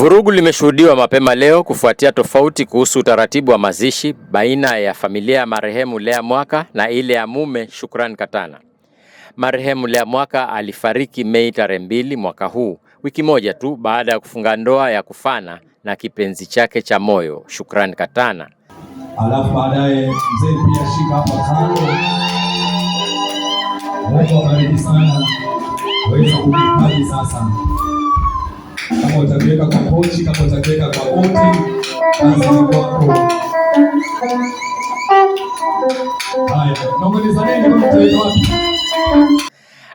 Vurugu limeshuhudiwa mapema leo kufuatia tofauti kuhusu utaratibu wa mazishi baina ya familia ya marehemu Lea Mwaka na ile ya mume Shukran Katana. Marehemu Lea Mwaka alifariki Mei tarehe mbili mwaka huu, wiki moja tu baada ya kufunga ndoa ya kufana na kipenzi chake cha moyo shukrani Katana. Alafu baadaye mzee pia shika hapa kando. Mungu sana. Wewe sasa kama utaviweka kwa pochi, kama utaviweka kwa koti, basi ni kwako. Haya,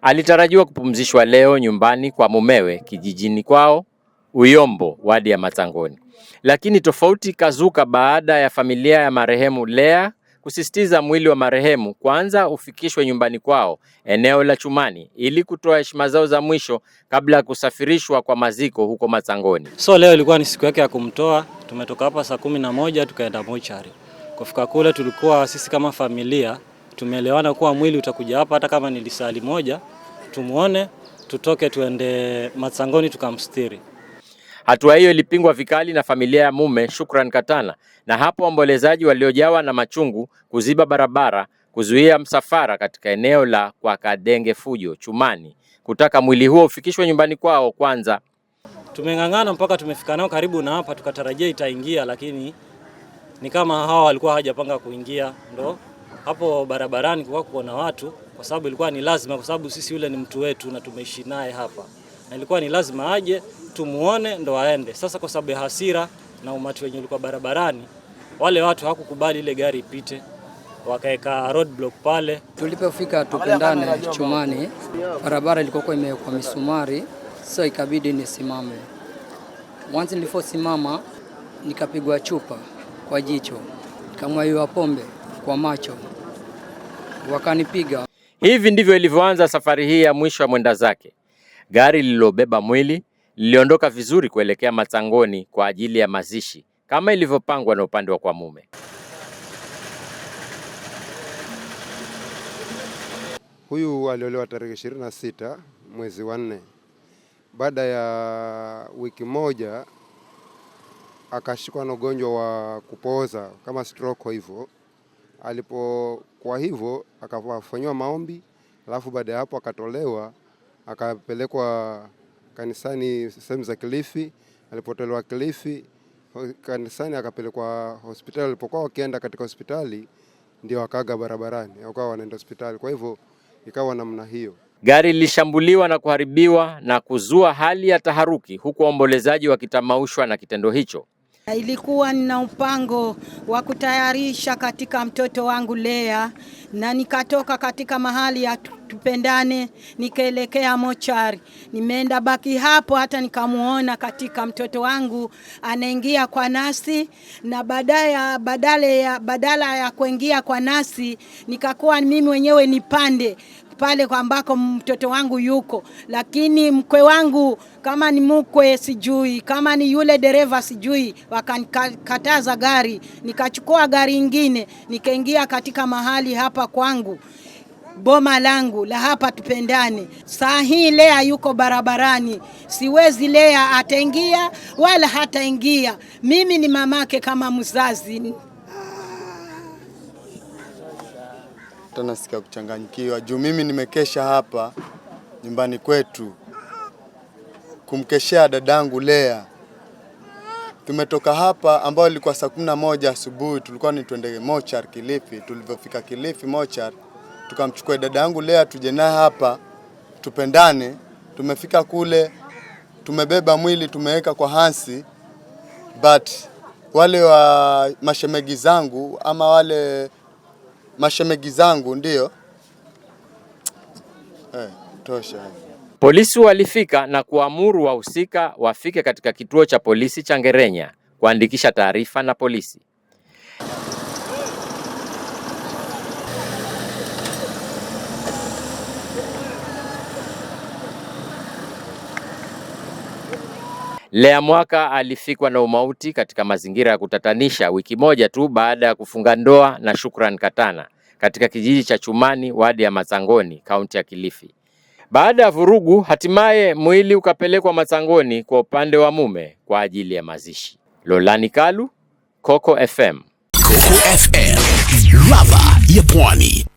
alitarajiwa kupumzishwa leo nyumbani kwa mumewe kijijini kwao Uyombo, wadi ya Matangoni, lakini tofauti kazuka baada ya familia ya marehemu Lea kusisitiza mwili wa marehemu kwanza ufikishwe nyumbani kwao eneo la Chumani ili kutoa heshima zao za mwisho kabla ya kusafirishwa kwa maziko huko Matsangoni. So leo ilikuwa ni siku yake ya kumtoa. Tumetoka hapa saa kumi na moja tukaenda mochari. Kufika kule, tulikuwa sisi kama familia tumeelewana kuwa mwili utakuja hapa, hata kama ni lisali moja, tumuone, tutoke tuende Matsangoni tukamstiri. Hatua hiyo ilipingwa vikali na familia ya mume Shukran Katana, na hapo waombolezaji waliojawa na machungu kuziba barabara, kuzuia msafara katika eneo la kwa Kadenge Fujo Chumani, kutaka mwili huo ufikishwe nyumbani kwao kwanza. Tumeng'ang'ana mpaka tumefika nao karibu na hapa, tukatarajia itaingia, lakini ni kama hawa walikuwa hawajapanga kuingia, ndo hapo barabarani kwa kuona watu, kwa sababu ilikuwa ni lazima, kwa sababu sisi yule ni mtu wetu na tumeishi naye hapa ilikuwa ni lazima aje tumuone ndo aende. Sasa kwa sababu ya hasira na umati wenye ulikuwa barabarani, wale watu hawakukubali ile gari ipite, wakaweka roadblock pale. Tulipofika Tupendane Chumani, barabara ilikuwa imewekwa misumari, so ikabidi nisimame. Mwanzo niliposimama nikapigwa chupa kwa jicho, nikamwagiwa pombe kwa macho, wakanipiga. Hivi ndivyo ilivyoanza safari hii ya mwisho wa mwenda zake. Gari lililobeba mwili liliondoka vizuri kuelekea matangoni kwa ajili ya mazishi kama ilivyopangwa na upande wa kwa mume. Huyu aliolewa tarehe ishirini na sita mwezi wa nne. Baada ya wiki moja akashikwa na ugonjwa wa kupooza kama stroke hivyo. alipokuwa hivyo akafanyiwa maombi, alafu baada ya hapo akatolewa akapelekwa kanisani sehemu za Kilifi, alipotolewa Kilifi kanisani akapelekwa hospitali. Alipokuwa wakienda katika hospitali, ndio akaga barabarani, wakawa wanaenda hospitali. Kwa hivyo ikawa namna hiyo. Gari lilishambuliwa na kuharibiwa na kuzua hali ya taharuki, huku waombolezaji wakitamaushwa na kitendo hicho. Ilikuwa nina mpango wa kutayarisha katika mtoto wangu Lea na nikatoka katika mahali ya tupendane nikaelekea mochari. Nimeenda baki hapo hata nikamuona katika mtoto wangu anaingia kwa nasi, na badaya, badala ya, badala ya kuingia kwa nasi nikakuwa mimi mwenyewe nipande pale kwa ambako mtoto wangu yuko, lakini mkwe wangu kama ni mkwe sijui, kama ni yule dereva sijui, wakanikataza gari, nikachukua gari ingine, nikaingia katika mahali hapa hapa kwangu boma langu la hapa tupendane Saa hii Lea yuko barabarani, siwezi Lea ataingia wala hataingia. Mimi ni mamake kama mzazi. Nasikia kuchanganyikiwa juu mimi nimekesha hapa nyumbani kwetu kumkeshea dadangu Lea. Tumetoka hapa ambayo ilikuwa saa kumi na moja asubuhi, tulikuwa ni twende mochar Kilifi. Tulivyofika Kilifi mochar, tukamchukua dada yangu Lea tuje naye hapa tupendane. Tumefika kule, tumebeba mwili tumeweka kwa hansi, but wale wa mashemegi zangu ama wale mashemegi zangu ndio eh, tosha. Polisi walifika na kuamuru wahusika wafike katika kituo cha polisi cha Ngerenya kuandikisha taarifa na polisi. Lea Mwaka alifikwa na umauti katika mazingira ya kutatanisha wiki moja tu baada ya kufunga ndoa na Shukran Katana katika kijiji cha Chumani, wadi ya Matsangoni, kaunti ya Kilifi. Baada ya vurugu, hatimaye mwili ukapelekwa Matangoni kwa upande wa mume kwa ajili ya mazishi. Lolani Kalu, Coco FM. Coco FM, ladha ya Pwani.